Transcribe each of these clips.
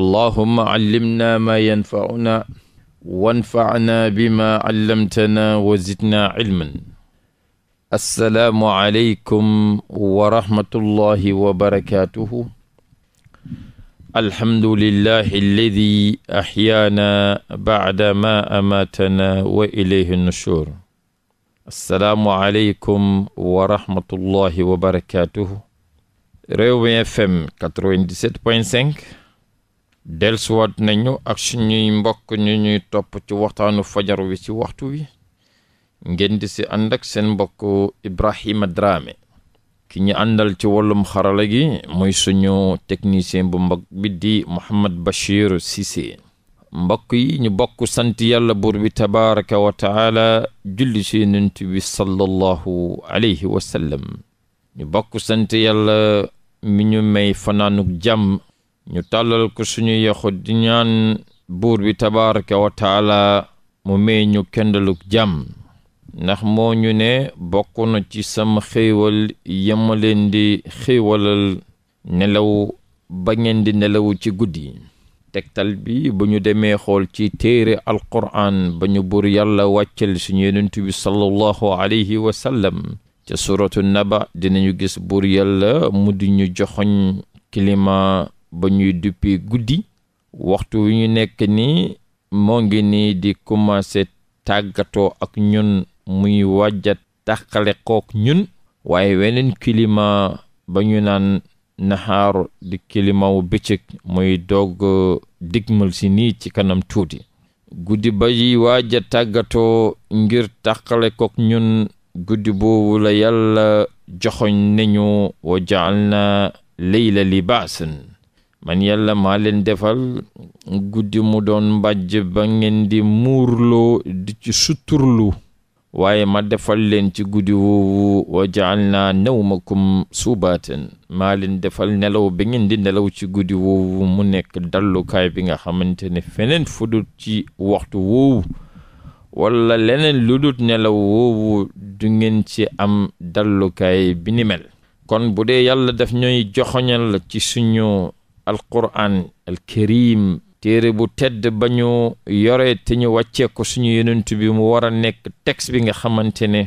allahuma callimna maa yanfacunaa wanfacnaa bimaa callamtanaa wa zidnaa cilman assalaamu aleykum wa rahmatullahi wa barakaatuhu alhamdulillahi alladi axyaanaa bacda maa amaatanaa wa ilayhi nushuur assalaamu aleykum wa rahmatullahi wa barakaatuhu Rewmi FM 97.5 delsuwaat nañu ak suñuy mbokk ñu ñuy topp ci waxtaanu fajar wi ci waxtu wi ngeen di si ànd seen mbokk Ibrahima Dramé ki ñu àndal ci wàllum xarala gi mooy suñu technicien bu mbokk bi di Mouhamed Bachir Cissé mbokk yi ñu bokk sant yàlla buur bi tabaraka wa taala julli si yonent bi sallallahu alayhi wa ñu bokk sant yàlla mi ñu may fanaanuk jàmm ñu tàllal ko suñu yaxu di ñaan buur bi tabaraka wa taala mu may ñu kendaluk jàmm ndax moo ñu ne bokk na ci sama xéewal yama leen di xéewalal nelaw ba ngeen di nelaw ci guddi tegtal bi ba ñu demee xool ci téere alquran ba ñu buur yàlla wàccal suñu yonent bi sallallahu alayhi wa sallam ca suratu naba dinañu gis buur yàlla mu di ñu joxoñ climat ba ñuy duppee guddi waxtu wi ñu nekk nii moo ngi nii di commencé tàggatoo ak ñun muy wàjja tàqale kook ñun waaye weneen kilima ba ñu naan naxaaru di kilima wu bëccëg muy doog digmal si nii ci kanam tuuti guddi ba yi waaja tàggatoo ngir tàqale kook ñun guddi boobu la yàlla joxoñ nañu wa na leyla libaasan man yàlla maa leen defal guddi mu doon mbàjj ba ngeen di muurloo di ci suturlu waaye ma defal leen ci guddi woowu wa jaalna kom subaatan maa leen defal nelaw ba ngeen di nelaw ci guddi woowu mu nekk dallukaay bi nga xamante ne feneen fudut ci waxtu woowu walla leneen lu dut nelaw woowu du ngeen ci am dallukaay bi ni mel kon bu dee yàlla daf ñooy joxoñal ci suñu alquran alkarim téere bu tedd bañu yore te ñu wàccee suñu yonent bi mu war a nekk tex bi nga xamante ne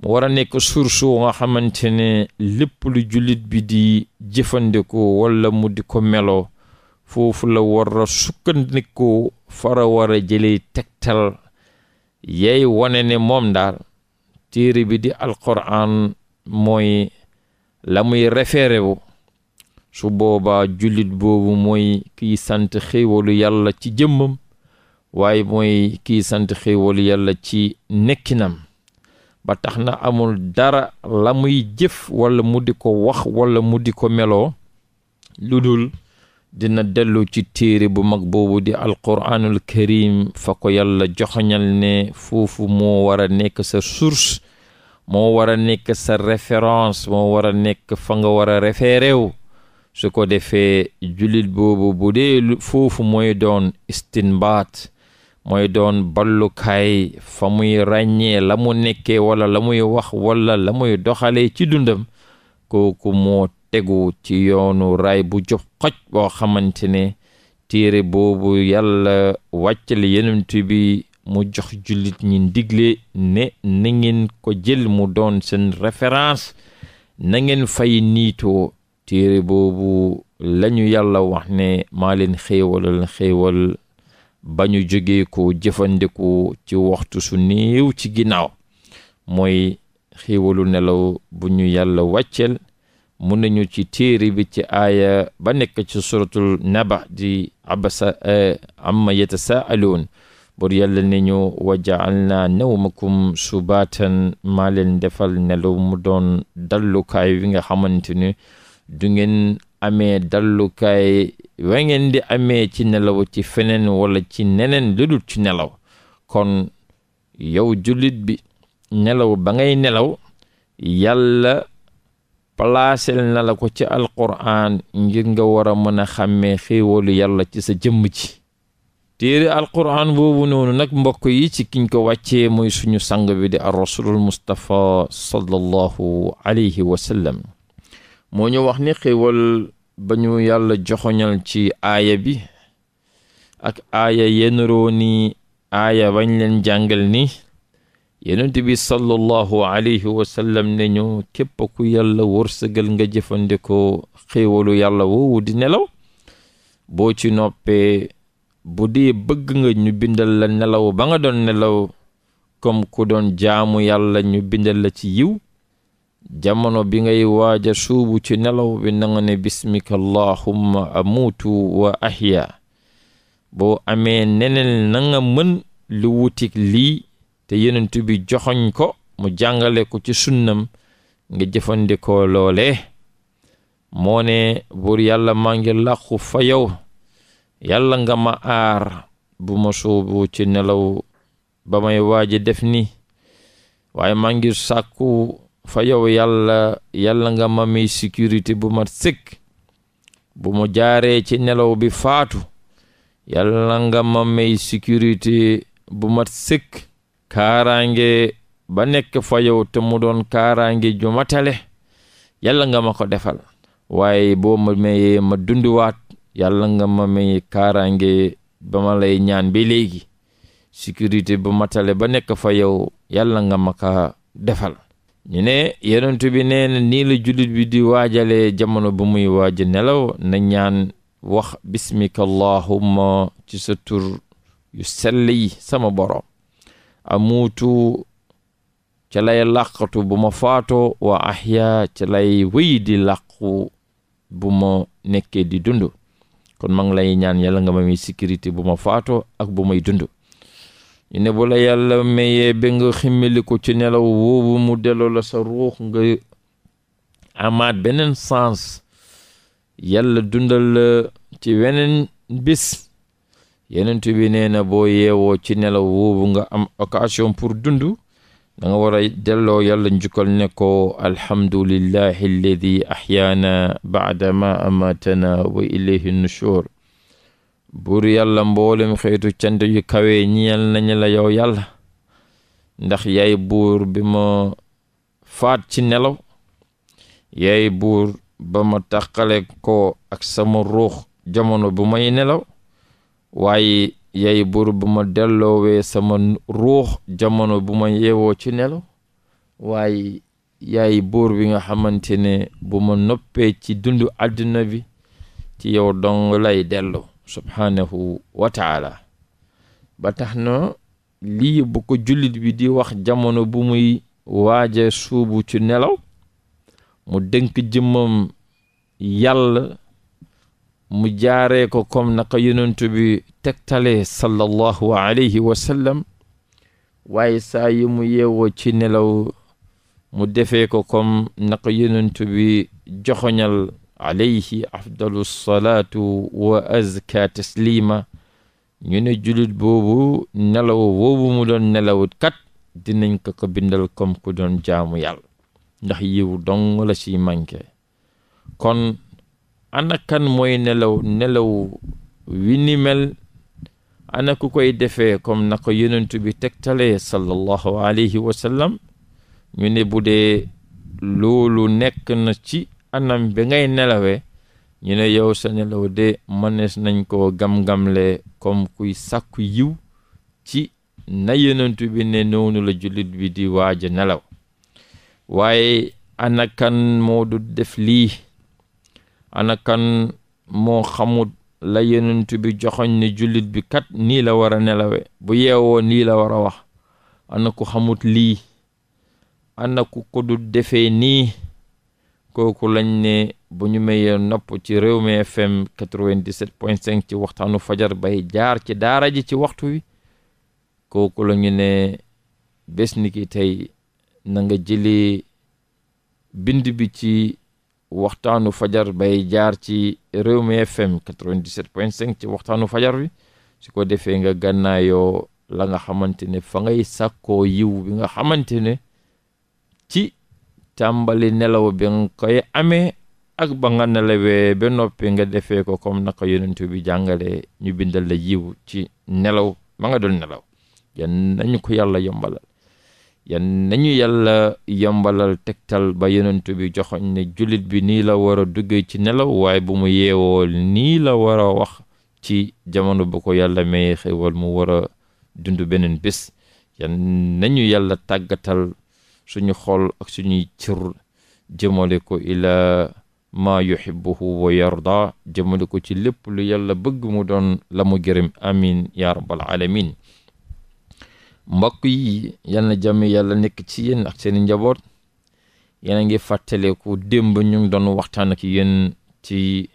mu war a nekk source wu nga xamante ne lépp lu julit bi di jëfandikoo walla mu di ko melo foofu la war a fara war a jëlee tegtal yay wane ne moom daal téere bi di alquran mooy la muy référé wu su booba jullit boobu mooy kiy sant xéewalu yàlla ci jëmmam waaye mooy kiy sant xéewalu yàlla ci nekkinam ba tax na amul dara la muy jëf walla mu di ko wax wala mu di ko meloo lu dul dina dellu ci téere bu mag boobu di alquraanul karim fa ko yàlla joxoñal ne foofu moo war a nekk sa source moo war a nekk sa référence moo war a nekk fa nga war a référé wu su ko defee jullit boobu bu dee foofu mooy doon istinbaat mooy doon ballukaay fa muy ràññee la mu nekkee wala la muy wax walla la muy doxalee ci dundam kooku moo tegu ci yoonu raay bu jox xoj boo xamante ne téere boobu yàlla wàccale yenent bi mu jox jullit ñi ndigle ne na ngeen ko jël mu doon seen référence na ngeen fay niitoo téere boobu lañu yàlla wax ne maa leen xéewalal xéewal ba ñu jógee ko ci waxtu su néew ci ginnaaw mooy xéewalu nelaw bu ñu yàlla wàcceel mun nañu ci téere bi ci aaya ba nekk ci suratul naba di abasa eh, amma yatasaaluun bur yàlla ne ñu wa jaalna nawmakum subaatan maa leen defal nelaw mu doon dallukaay wi nga xamante du ngeen amee dallukaay wangeen di amee ci nelaw ci feneen walla ci neneen lu dul ci nelaw kon yow jullit bi nelaw ba ngay nelaw yàlla palaasel na ko ci alquran ngir nga war a mën a xàmmee xéewalu yàlla ci sa jëmm ci téere alquran boobu noonu nag mbokk yi ci kiñ ko wàccee mooy suñu sang bi di ar rasulul mustapha sallallahu alayhi moo ñu wax ni xéwal ba ñu yàlla joxoñal ci aaya bi ak aaya yenroo ni aaya bañ leen jàngal ni yonent bi sallallahu alayhi wa sallam ne ñu képp ku yàlla wërsëgal nga jëfandikoo xéwalu yàlla woowu di nelaw boo ci noppee bu dee bëgg nga ñu bindal la nelaw ba nga doon nelaw comme ku doon jaamu yàlla ñu bindal la ci yiw jamono bi ngay waaja suubu ci nelaw bi na nga ne bismika allahumma amuutu wa ahya boo amee neneen na mën li wutik lii te yenent bi joxoñ ko mu jàngale ko ci sunnam nga jëfandikoo loole moo ne buur yàlla maa ngi làqu fa yow yàlla nga ma aar bu ma suubu ci nelaw ba may waaja def ni waaye maa ngi sàkku fa yow yàlla yàlla nga ma may sécurité bu mat sëkk bu mu jaaree ci nelaw bi faatu yàlla ngam ma may sécurité bu mat sëkk kaaraange ba nekk fajow yow te mu doon kaaraange ju matale yàlla nga ma ko defal waaye boo ma mayee ma dunduwaat yàlla nga ma may kaaraange ba ma ñaan bi léegi sécurité bu matale ba nekk fa yow yàlla nga ma ko defal ñu ne yonent bi nee na nii la jullit bi di waajale jamono bu muy waaj nelaw na ñaan wax bismika allahumma ci sa tur yu sell yi sama boroom amuutu ca lay làqatu bu ma faatoo waa ahya ca lay wéy di làqu bu ma nekkee di dund kon ma lay ñaan yàlla nga ma may sécurité bu ma faatoo ak bu may dund ñu ne bu la yàlla mayee ba nga ximmiliku ci nelaw woowu mu delloo la sa ruux nga amaat beneen sens yàlla dundal la ci weneen bis yenent bi nee na boo yeewoo ci nelaw woobu nga am occasion pour dundu da nga war a delloo yàlla njukkal ne ko alhamdulillahi alladi ahyaana baada ma buur yàlla mboolem xeetu cant yu kawee ñeel nañu la yow yàlla ndax yaay buur bi ma faat ci nelaw yaay buur ba ma taqale ko ak sama ruux jamono bu may nelaw waaye yaay buur ba ma delloowee sama ruux jamono bu ma yeewoo ci nelaw waaye yaay buur bi nga xamante ne bu ma noppee ci dundu àddina bi ci yow dong lay delloo subhaanahu wa taala ba na lii bu ko jullit bi di wax jamono bu muy waaja suubu ci nelaw mu dënk jëmmam yàlla mu jaaree ko comme naka yonent bi tegtalee sallallahu alayhi wa waaye saa yi mu yeewoo ci nelaw mu defee ko comme naka yonent bi joxoñal alayhi afdalu salaatu wa azka taslima ñu ne julit boobu nelaw boobu mu doon nelawut kat dinañ ko ko bindal comme ku doon jaamu yàlla ndax yiw dong la ci kon ana kan mooy nelaw nelaw wi ni mel ana ku koy defe comme na ko yonent bi tegtalee sallallahu alayhi wa sallam bu dee loolu nekk na ci anam bi ngay nelawee ñu ne yow sa nelaw de mënees nañ koo gam-gamle kom kuy sàkku yiw ci na yonentu bi ne noonu la jullit bi di waaj a nelaw waaye anakan moo du def lii anakan moo xamut la yonent bi joxoñ ne jullit bi kat nii la war a nelawe bu yeewoo nii la war a wax ana ku xamut lii ana ku ko du defee nii kooku lañ ne bu ñu mayee nopp ci réew Rewmi FM 97.5 ci waxtaanu fajar bay jaar ci daara ji ci waxtu wi kooku la ñu ne bés ni ki tey na nga jëlee bind bi ci waxtaanu fajar bay jaar ci réew Rewmi FM 97.5 ci waxtaanu fajar bi su ko defee nga gànnaayoo la nga xamante ne fa ngay sàkkoo yiw bi nga xamante ci tàmbali nelaw bi nga koy amee ak ba nga nelawee ba noppi nga defee ko comme naka yonent bi jàngalee ñu bindal la yiw ci nelaw ma nga doon nelaw yan nañu ko yàlla yombalal yan nañu yàlla yombalal tegtal ba yonent bi joxoñ ne julit bi nii la war a duggee ci nelaw waaye bu mu yeewoo nii la war a wax ci jamono bu ko yàlla may xewal mu war a dund beneen bés yan nañu yàlla tàggatal suñu xol ak suñuy cër jëmale ko ilaa ma yuhibbuhu wa yarda jëmale ko ci lépp lu yàlla bëgg mu doon la mu gërëm amin ya rabbal alamin mbokk yi yal na jàmm yàlla nekk ci yéen ak seeni njaboot yéen a ngi fàttaleku démb ñu ngi doon waxtaan ki yéen ci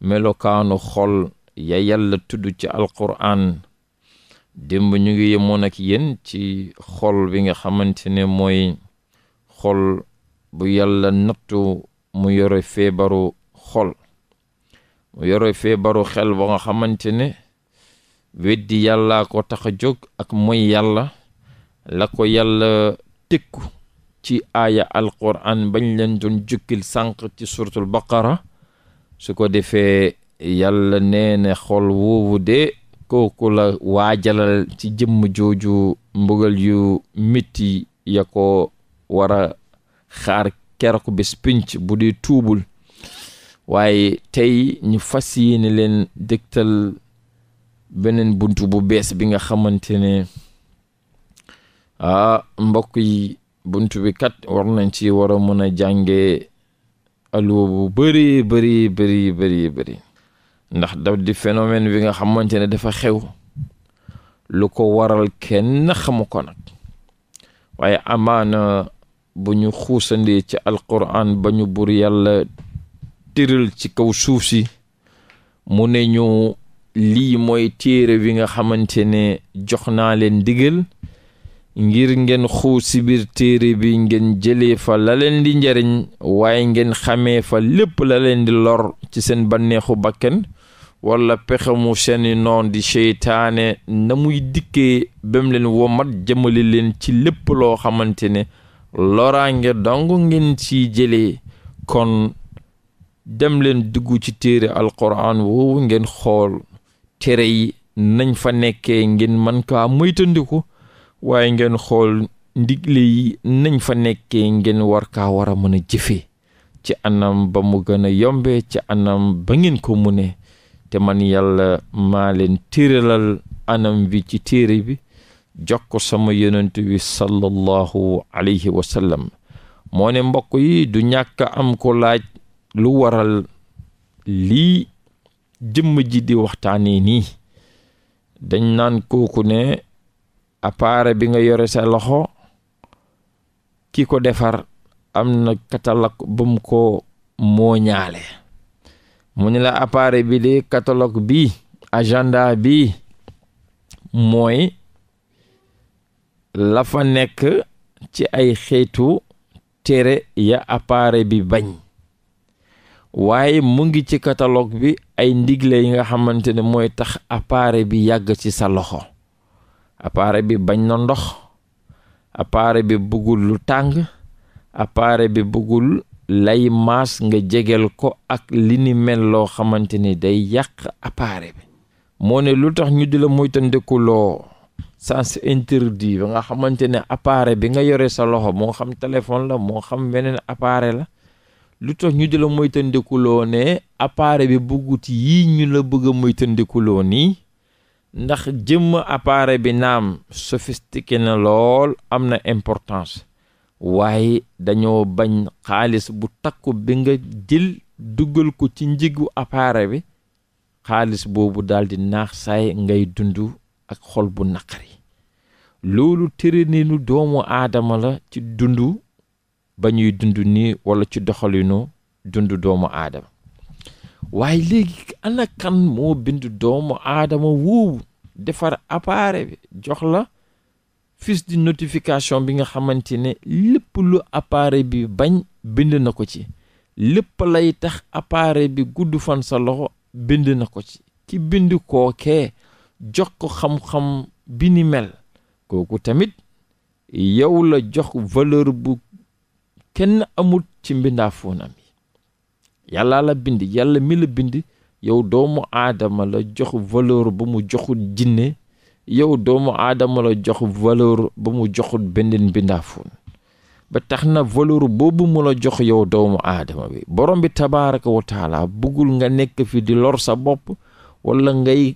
melokaanu xol ya yàlla tudd ci alquran démb ñu ngi yemoon ak yéen ci xol bi nga xamante ne mooy xol bu yàlla nattu mu yore feebaru xol mu yore feebaru xel ba nga xamante ne weddi yàllaa ko tax a jóg ak mooy yàlla la ko yàlla tëkku ci aaya alquran bañ leen doon jukkil sànq ci suratul baqara su ko defee yàlla nee xol woowu de kooku la waajalal ci jëmm jooju mbugal yu mitti ya ko wara a xaar keroog bés pinc bu dee tuubul waaye tey ñu fas yéene leen dégtal beneen bunt bu bees bi nga xamante ne ah mbokk yi bunt bi kat war nañ ci war a mën a jànge aloo bu bëri bëri bëri ndax daf di phénomène bi nga xamante ne dafa xew lu ko waral kenn xamu ko nag waaye amaana bu ñu xuusandee ci alquran ba ñu buur yàlla tëral ci kaw suuf si mu ne ñu lii mooy téere bi nga xamante ne jox naa leen digal ngir ngeen xuus si téere bi ngeen jëlee fa la leen di njariñ waaye ngeen xàmmee fa lépp la leen di lor ci seen banneexu bakken wala pexe mu seeni noon di seytaane na muy dikkee bem leen womat jëmale leen ci lépp loo xamante ne loraange dong ngeen ci jëlee kon dem leen dugg ci téere alquran woowu ngeen xool tere yi nañ fa nekkee ngeen mën kaa moytandiku waaye ngeen xool ndigle yi nañ fa nekke ngeen war kaa war a mën a jëfee ci anam ba mu gën a yombe ci anam ba ngeen ko mu ne te man yàlla maa leen téralal anam bi ci téere bi jox ko sama yonent bi sallallahu alayhi wa moo ne mbokk yi du ñàkk am ko laaj lu waral lii jëmm ji di waxtaane nii dañ naan kooku ne appareil bi nga yore sa loxo ki ko defar am na katalak bum ko mooñaale mu ne la appareil bi di catalogue bi agenda bi mooy la fa nekk ci ay xeetu tere ya appareil bi bañ waaye mu ngi ci catalogue bi ay ndigle yi nga xamante ne mooy tax appareil bi yàgg ci sa loxo appareil bi bañ na ndox appareil bi bëggul lu tàng appareil bi bëggul lay maas nga jegel ko ak li ni mel loo xamante ni day yàq appareil bi moo ne lu tax ñu di la moytandikuloo sens interdit ba nga xamante ne appareil bi nga yore sa loxo moo xam téléphone la moo xam beneen appareil la lu tax ñu di la moytandikuloo ne appareil bi bëggut yii ñu la bëgg a moytandikuloo nii ndax jëmm appareil bi naam sophistiqué na lool am na importance waaye dañoo bañ xaalis bu takku bi nga jël duggal ko ci njigu appareil bi xaalis boobu daldi di naax saay ngay dund ak xol bu naqari loolu tërëneenu doomu aadama la ci dund ba ñuy dund nii wala ci doxalinu dund doomu aadama waaye léegi ana moo bind doomu aadama woowu defar appareil bi jox la fiche di notification bi nga xamante ne lépp lu appareil bi bañ bind na ko ci lépp lay tax appareil bi gudd fan sa loxo bind na ko ci ci bind kookee jox ko xam-xam bi ni mel kooku tamit yow la jox valeur bu kenn amul ci mbindaafoonam yi yàlla la bind yàlla mi la bind yow doomu aadama la jox valeur bu mu joxul jinne yow doomu aadama la jox valeur ba mu joxul benn bindaafoon ba tax na valeur boobu mu la jox yow doomu aadama bi borom bi tabaaraka wa bëggul nga nekk fi di lor sa bopp wala ngay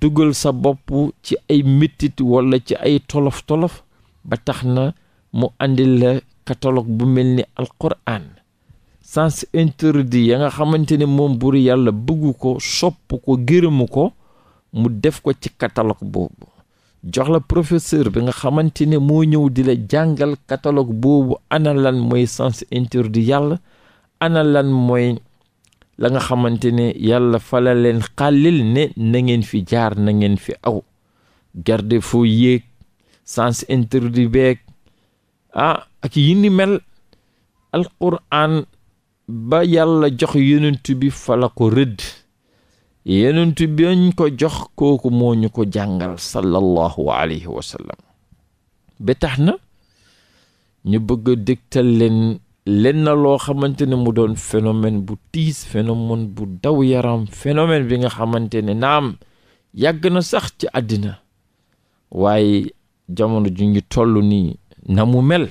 dugal sa bopp ci ay mettit walla ci ay tolof-tolof ba tax na mu indi la catalogue bu mel ni alquran sens interdit ya nga xamante ne moom buri yàlla bëggu ko sopp ko gërëmu ko mu def ko ci katalog boobu jox la professeur bi nga xamante ne moo ñëw di la jàngal catalogue boobu ana lan mooy sens interdit yàlla ana lan mooy la nga xamante ne yàlla fala leen xàllil ne na ngeen fi jaar na ngeen fi aw garde foo yéeg sens interdit beeg ah ak yi ni mel alquran ba yàlla jox yonent bi fala ko rëdd yenent biñ ko jox kooku moo ñu ko jàngal sallallahu alayhi wa sallam tax na ñu bëgg dégtal leen lenn loo xamante ne mu doon phénomène bu tiis phénomène bu daw yaram phénomène bi nga xamante ne naam yàgg na sax ci àddina waaye jamono ju ñu toll nii na mu mel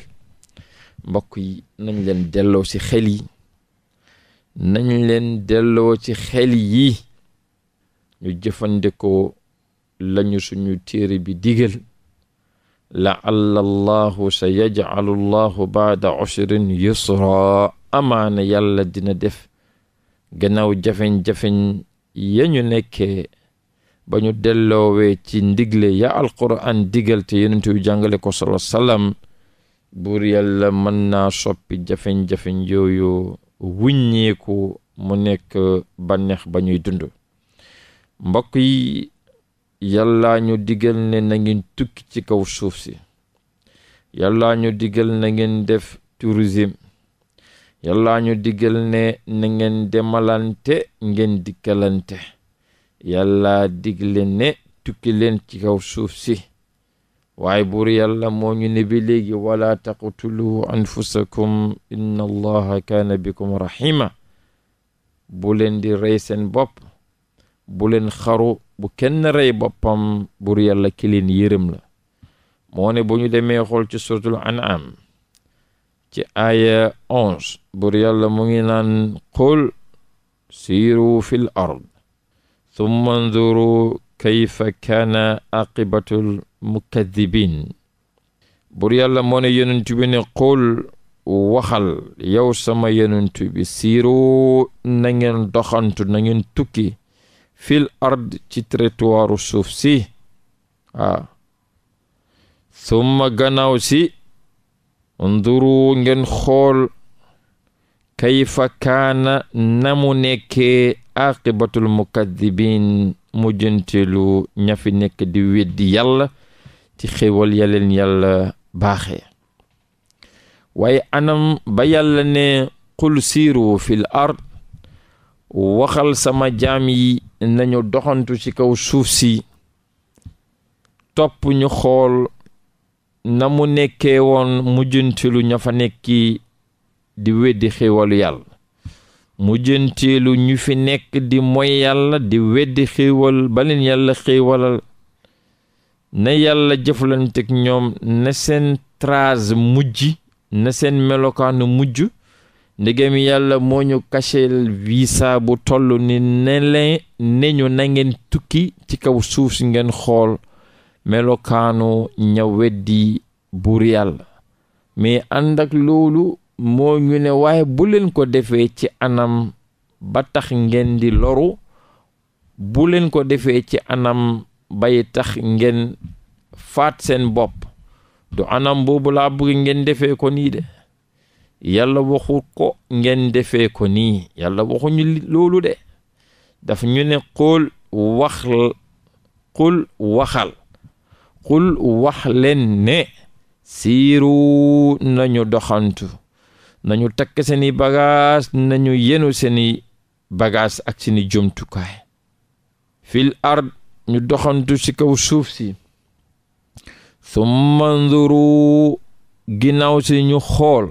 mbokk yi nañ leen delloo ci xel yi nañ leen delloo ci xel yi ñu jëfandikoo lañu suñu téere bi digal laalla allahu sa yajcalu llahu baada usrin yusra amaana yàlla dina def gannaaw jafeñ-jafeñ yañu nekke nekkee ba ñu delloowee ci ndigle ya alquran digal te yonent yu jàngale ko sala salaam buur yàlla mën naa soppi jafeñ-jafeñ yooyu wuññeeku mu nekk bànneex ba ñuy dund mbokk yi yàllaa ñu digal ne na tukki ci kaw suuf si yàllaa ñu digal na ngeen def tourisme yàllaa ñu ne na ngeen demalante ngeen dikkalante yàllaa digle ne tukki leen ci kaw suuf si waaye buur yàlla moo ñu ne bi léegi wala taqtulu anfusakum inna allaha kaana bikum rahima bu leen di rey seen bopp bu leen xaru bu kenn rey boppam bur yàlla ki leen yërëm la moo ne bu ñu demee xool ci suratul an'am ci aaya onze bur yàlla mu ngi naan qul siiru fil ard thumma nzuru kayfa kaana aqibatul mukadibin bur yàlla moo ne yonent bi qul waxal yow sama yonent bi siiru na ngeen doxantu na tukki fil ard ci trottoiru suuf si waaw summa gannaaw si nduru ngeen xool kayfa kaana namu nekkee aqibatul mukaddibiin mujjantelu ñafi nekk di weddi yàlla ci xéwal yaleen yàlla baaxee waaye anam ba yàlla ne qul fil ard waxal sama jaam yi nañu doxantu ci kaw suuf si topp ñu xool na mu nekke woon mujjantilu ña fa nekki di weddi xéewalu yàlla mujjanteelu ñu fi nekk di moy yàlla di weddi xéewal baleen yàlla xéewalal na yàlla jëflanteeg ñoom na seen traas mujj na seen melokaanu mujj ndegem yàlla moo ñu kachel visa bu toll ni ne leen ne na ngeen tukki ci kaw suuf si ngeen xool melokaanu ña weddi buur yàlla mais ànd loolu moo ñu ne waaye bu leen ko defee ci anam ba tax ngeen di loru bu leen ko defee ci anam bay tax ngeen faat seen bopp du anam boobu laa bëgg ngeen defee ko nii de yàlla waxu ko ngeen defee ko nii yàlla waxuñu loolu de dafa ñu ne qul wax qul waxal xul wax leen ne siiru nañu doxantu nañu takk seeni bagaas nañu yenu seeni bagaas ak seeni jumtukaay fil ard ñu doxantu ci kaw suuf si summa nzuru ginnaaw si ñu xool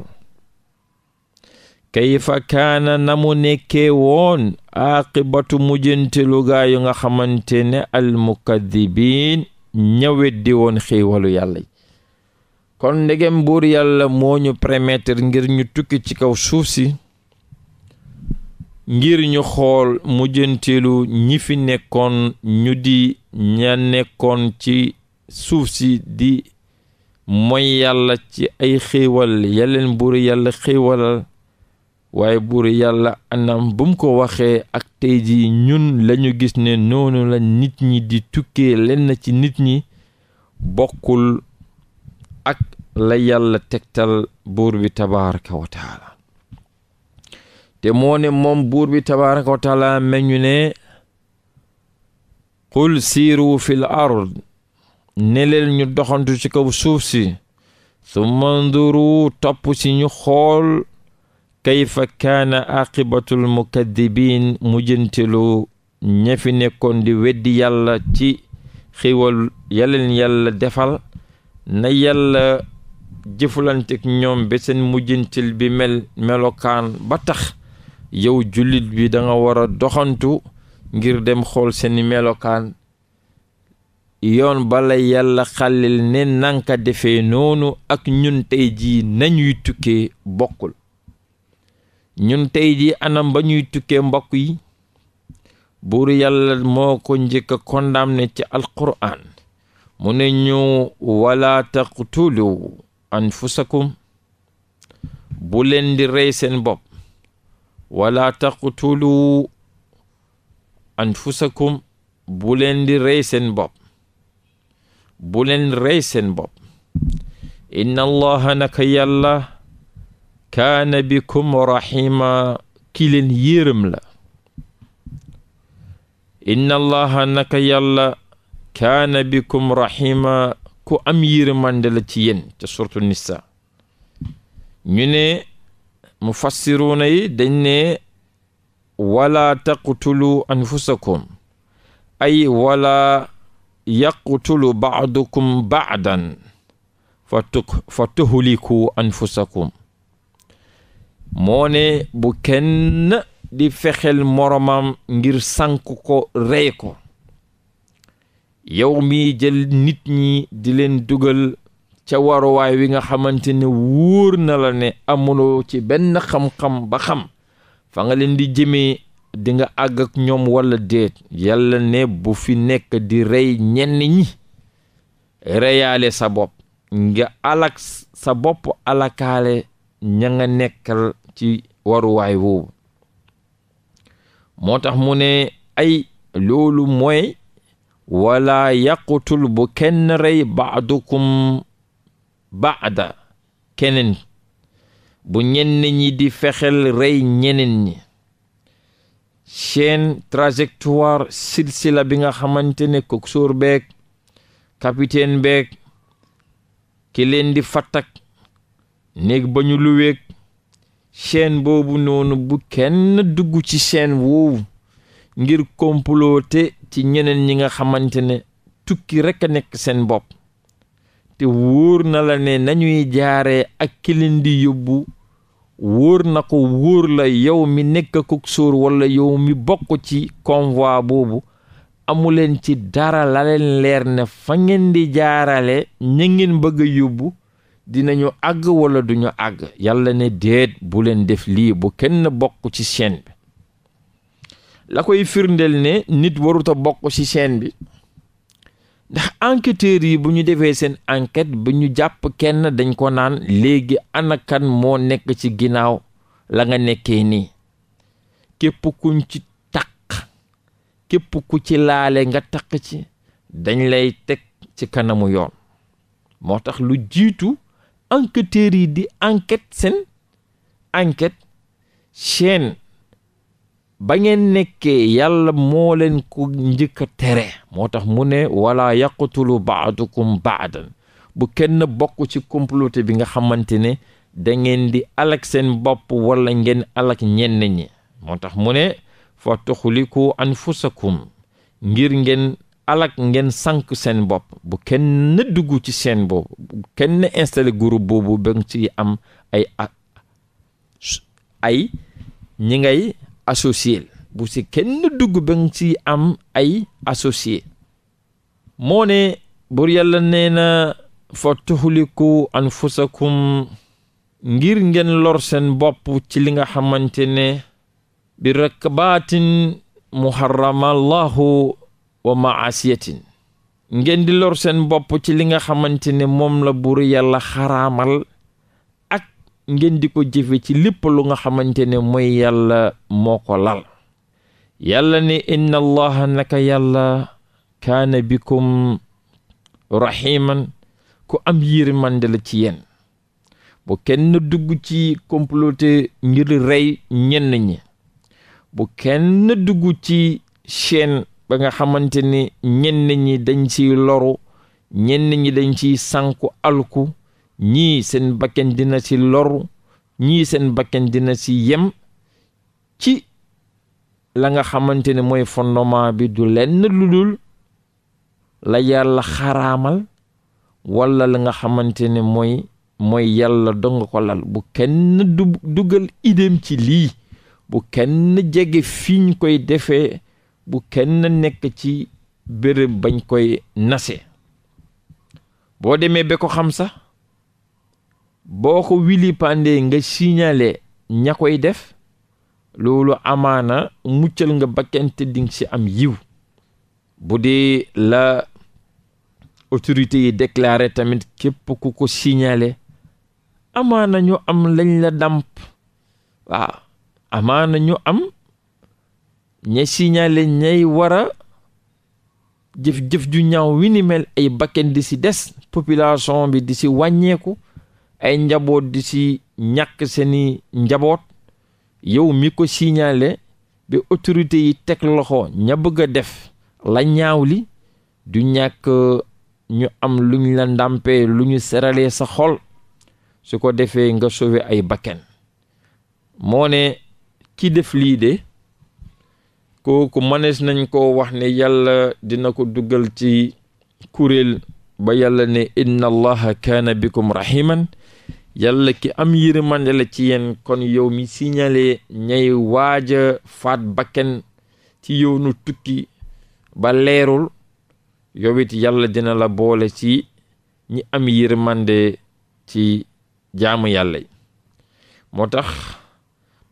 kayfa kaana na mu nekkee woon aqibatu mujjantelu yu nga xamante ne almukadibiin ñaweddi woon xéewalu yàlla kon ndegem buur yàlla moo ñu permettre ngir ñu tukki ci kaw suuf si ngir ñu xool mujjantelu ñi fi nekkoon ñu di ña nekkoon ci suuf si di mooy yàlla ci ay xéewal yaleen buur yàlla xéewalal waaye buur yàlla anam bum ko waxee ak tey jii ñun lañu gis ne noonu la nit ñi di tukki lenn ci nit ñi bokkul ak la yàlla tegtal buur bi tabaaraka wa taala te moo ne moom buur bi tabaaraka wa meñu ne qul siiru fil ard ne leen ñu doxantu ci kaw suuf si summa nduru topp si ñu xool kayfa kaana aqibatul mukaddibiin mujjantelu ña fi nekkoon di weddi yàlla ci xéwal yaleen yàlla defal na yàlla jëflantek ñoom ba seen mujjantil bi melokaan ba tax yow jullit bi danga war a doxantu ngir dem xool seeni melokaan yoon bala yàlla xàllil ne nanka defe noonu ak ñun tey jii nañuy tukki bokkul ñun tey ji anam ba ñuy tukkee mbokk yi buur yàlla moo ko njëkk kondam ne ci alquran mu ne ñu walaa taqtulu anfusakum bu leen di rey seen bopp wala taqtulu anfusakum bu leen di rey seen bopp bu leen rey seen bopp inna allaha naka yàlla kaana bikum rahima ki leen la inna allaha naka yàlla kaana bikum rahima ku am yërmande la ci yéen ca surtu nisa ñu ne mufassiruuna yi dañ ne wala taqtulu anfusakum ay wala yaqtulu baadukum baadan fa tuxliku anfusakum moone bu kenn di fexeel moromam ngir sànk ko rey ko yow mi jël nit ñi di leen dugal ca waruwaay wi nga xamante ne wóor na la ne amuloo ci benn xam-xam ba xam fa nga leen di jëmee dinga nga ñoom walla déet yalla ne bu fi nekk di rey ñenn ñi reyaale sa bopp nga alak sa bopp alakaale ña nga nekkal ci waruwaay boobu moo tax mu ne ay loolu mooy wala yàqutul bu kenn rey baadukum baada keneen bu ñenn ñi di fexel rey ñeneen ñi chaîne trajectoire silsila bi nga xamante ne coxeur beeg capitaine beeg ki leen di fattak néeg ba chaîne boobu noonu bu kenn dugg ci chaîne woowu ngir comploter ci ñeneen ñi nga xamante ne tukki rekk a nekk seen bopp te wóor na la ne nañuy jaaree ak kilin di yóbbu wóor na ko wóor la yow mi nekk ak sóor walla yow mi bokk ci convoi boobu amuleen ci dara la leer ne fa ngeen di jaarale ña ngeen bëgg a yóbbu dinañu àgg wala duñu àgg yàlla ne déet bu leen def lii bu kenn bokk ci seen bi la koy firndeel ne nit waruta bokk ci seen bi ndax enquêteurs yi bu ñu defee seen enquête bu ñu jàpp kenn dañ ko naan léegi anakan moo nekk ci ginnaaw la nga nekkee nii képp kuñ ci taq képp ku ci laale nga takk ci dañ lay teg ci kanamu yoon moo tax lu jiitu enquêteurs yi di enquête sen enquête chaîne ba ngeen nekkee yàlla mooleen leen ko njëkk tere moo tax mu ne wala yaqtulu baadukum baadan bu kenn bokk ci comploté bi nga xamante ne da ngeen di alak seen bopp wala ngeen alak ñenn ñi moo tax mu ne fa tuxliku anfusakum ngir ngeen alak ngeen sànq seen bopp bu kenn dugg ci seen boobu bu kenn installe groupe boobu ba nga ci am ay ay ñi ngay associé bu si kenn dugg ba nga ci am ay associé moo ne bur yàlla nee na fa tuxliku anfusakum ngir ngeen lor seen bopp ci li nga xamante ne bi rakbaatin muharrama wa maasiyatin ngeen di lor seen bopp ci li nga xamante ne moom la buur yàlla xaraamal ak ngeen di ko jëfe ci lépp lu nga xamante ne mooy yàlla moo ko lal yàlla ne inna allaha naka yàlla kaana bikum rahiman ku am yërmande la ci yéen bu kenn dugg ci comploté ngir rey ñenn ñi bu kenn dugg ci chaîne ba nga xamante ni ñenn ñi dañ ciy loru ñenn ñi dañ ciy sànku alku ñii seen bakken dina ci loru ñii seen bakken dina ci yem ci la nga xamante ne mooy fondement bi du lenn lu dul la yàlla xaraamal walla la nga xamante ne mooy mooy yàlla dong ko lal bu kenn dugal idéem ci lii bu kenn jege fi ñu koy defee bu kenn nekk ci bërëb bañ koy nase boo demee ba ko xam sax boo ko wili pande nga signalé ña koy def loolu amaana muccal nga bakkante ding ci am yiw bu dee la autorité yi déclaré tamit képp ku ko signalé amaana ñu am lañ la dàmp waaw amaana ñu am ña signalé ñay wara jëf-jëf ju ñaaw wi ni mel ay bakken di ci des population bi di si wàññeeku ay njaboot di si ñàkk seeni njaboot yow mi ko signalé bi autorité yi teg loxo ña bëgg a def la ñaaw li du ñàkk ñu am lu ñu la ndàmpee lu ñu seralee sa xol su ko defee nga soowe ay bakken moo ne ki def lii de kooku mënees nañ ko wax ne yàlla dina ko dugal ci kuréel ba yàlla ne inna allaha kaana bikum rahiman yàlla ki am yërmande la ci yéen kon yow mi signalé ñay waaja faat bakken ci yoonu tukki ba leerul yow it yàlla dina la boole ci ñi am yërmande ci jaamu yàlla moo tax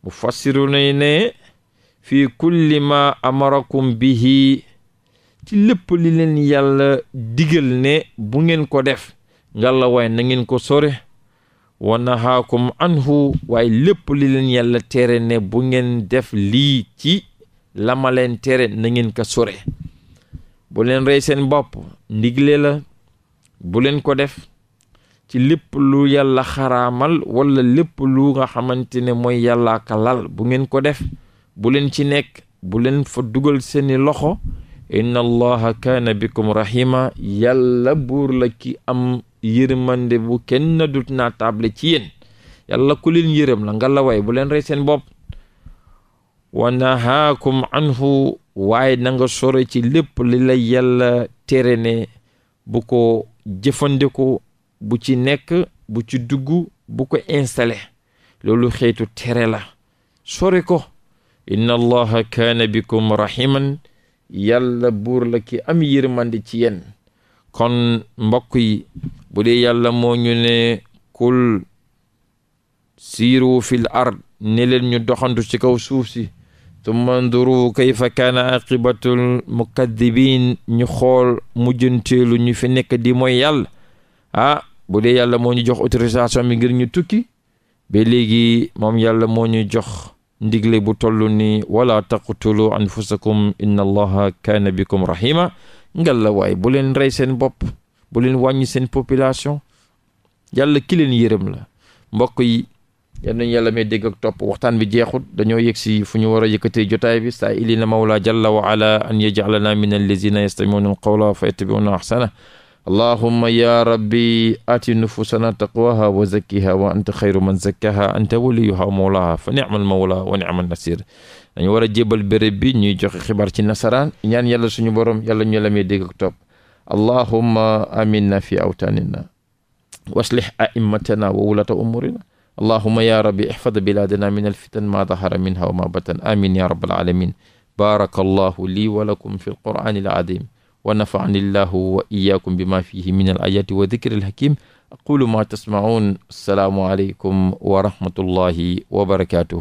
mu fassiru ne fi kulli ma amarakum bihi ci lépp li leen yàlla digal ne bu ngeen ko def ngalla waaye na ko sore wa nahaakum anhu waay lépp li leen yàlla tere ne bu ngeen def lii ci lamaleen leen tere na ko sore bu leen rey seen bopp ndigle la bu ko def ci lépp lu yàlla xaraamal wala lépp lu nga xamante ne mooy yàllaa ka bu ngeen ko def bu leen ci nekk bu leen fa dugal seeni loxo inna allaha kaana bikum rahima yàlla buur la ki am yërmande bu kenn du naa table ci yéen yàlla ku leen yërëm la nga la way bu leen rey seen bopp wa nahaakum anhu waaye nanga sore ci lépp li la yàlla tere ne bu ko jëfandikoo bu ci nekk bu ci dugg bu ko installé loolu xeetu tere la sore ko inna allaha kaana bikum rahiman yàlla buur la ki am yërmande ci yéen kon mbokk yi bu dee yàlla moo ñu ne kul siiru fil ard ne leen ñu doxantu ci kaw suuf si tumma nduru kayfa kaana aqibatul mukaddibiin ñu xool mujjanteelu ñu fi nekk di mooy yàlla ah bu dee yàlla moo ñu jox autorisation bi ngir ñu tukki ba léegi moom yàlla moo ñu jox ndigle bu toll ni wala taqtulu anfusakum inna allaha kaana bikum rahima ngal la waay bu leen rey seen bopp bu leen wàññi seen population yàlla ki leen yërëm la mbokk yi yal nañu yàlla may dégg topp waxtaan bi jeexut dañoo yegg si fu ñu war a yëkkatee jotaay bi saa ilina mawla jalla wa ala an yajalana min allazina yastamiuna alqawla fa yattabiuna ahsana allahumma ya rabbi ati nufusana taqwaha wa zakkiha wa anta xayru man zakkaha anta waliyuha mawlaha fa ni'mal mawla wa ni'mal nasir dañu war a jébal béréb bi ñuy joxe xibaar ci nasaraan ñaan yàlla suñu borom yàlla ñu la may dégg ak topp allahumma aminna fi awtanina waslih a'immatana wa wulata umurina allahumma ya rabbi ihfad biladana min alfitan ma dahara minha wa ma batan amin ya rabbal alamin barakallahu li wa lakum fi alqur'ani aladim wa nafaani illahu wa iyaakum bi ma fihi min al ayati wa dikri al hakim aqulu ma tasmaun assalaamu aleykum wa rahmatullahi wa barakatuhu